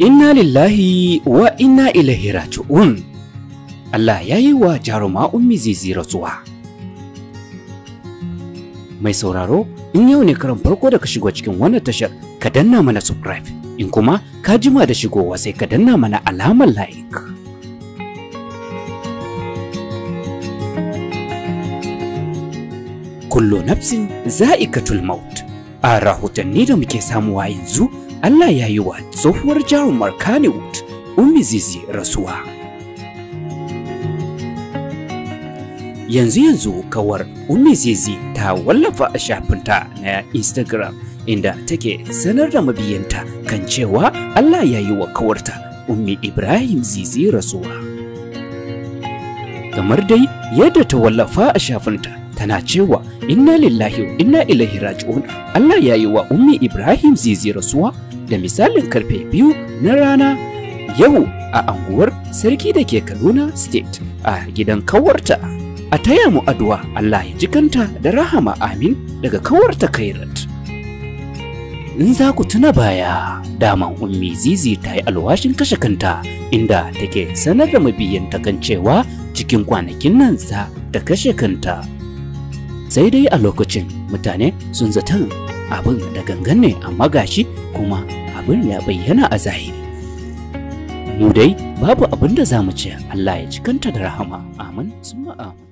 Inna lillahi wa inna ilaihi raji'un. Allah ya yi wa jaruma ummi zizi rasuwa. Mai sauraro, in yau ne karan farko da ka shigo cikin wannan tashar, ka danna mana subscribe. In kuma ka jima da shigowa sai ka danna mana alamar like. kullu nafsin za'ikatul maut a rahotanni da muke samuwa yanzu Allah ya yi wa tsohuwar jarumar Kannywood Ummi Zizi rasuwa. Yanzu-yanzu kawar Ummi Zizi ta wallafa a shafinta na Instagram inda take sanar da mabiyanta kan cewa Allah ya yi wa kawarta Ummi Ibrahim Zizi rasuwa. Kamar dai yadda ta wallafa a shafinta tana cewa inna lillahi wa inna ilaihi raji'un Allah ya yi wa ummi Ibrahim zizi rasuwa da misalin karfe biyu na rana yau a anguwar sarki da ke Kaduna State a gidan kawarta. A taya mu addu'a Allah ya jikanta da rahama amin daga kawarta Kairat. in za ku tuna baya dama ummi zizi ta yi alwashin kashe kanta inda take sanar da mabiyanta kan cewa cikin kwanakin nan za ta kashe kanta sai dai a lokacin mutane sun zaton abin da gangan ne amma gashi kuma abin ya bayyana a zahiri mu dai babu abin da za mu ce Allah ya cikanta da rahama amin summa amin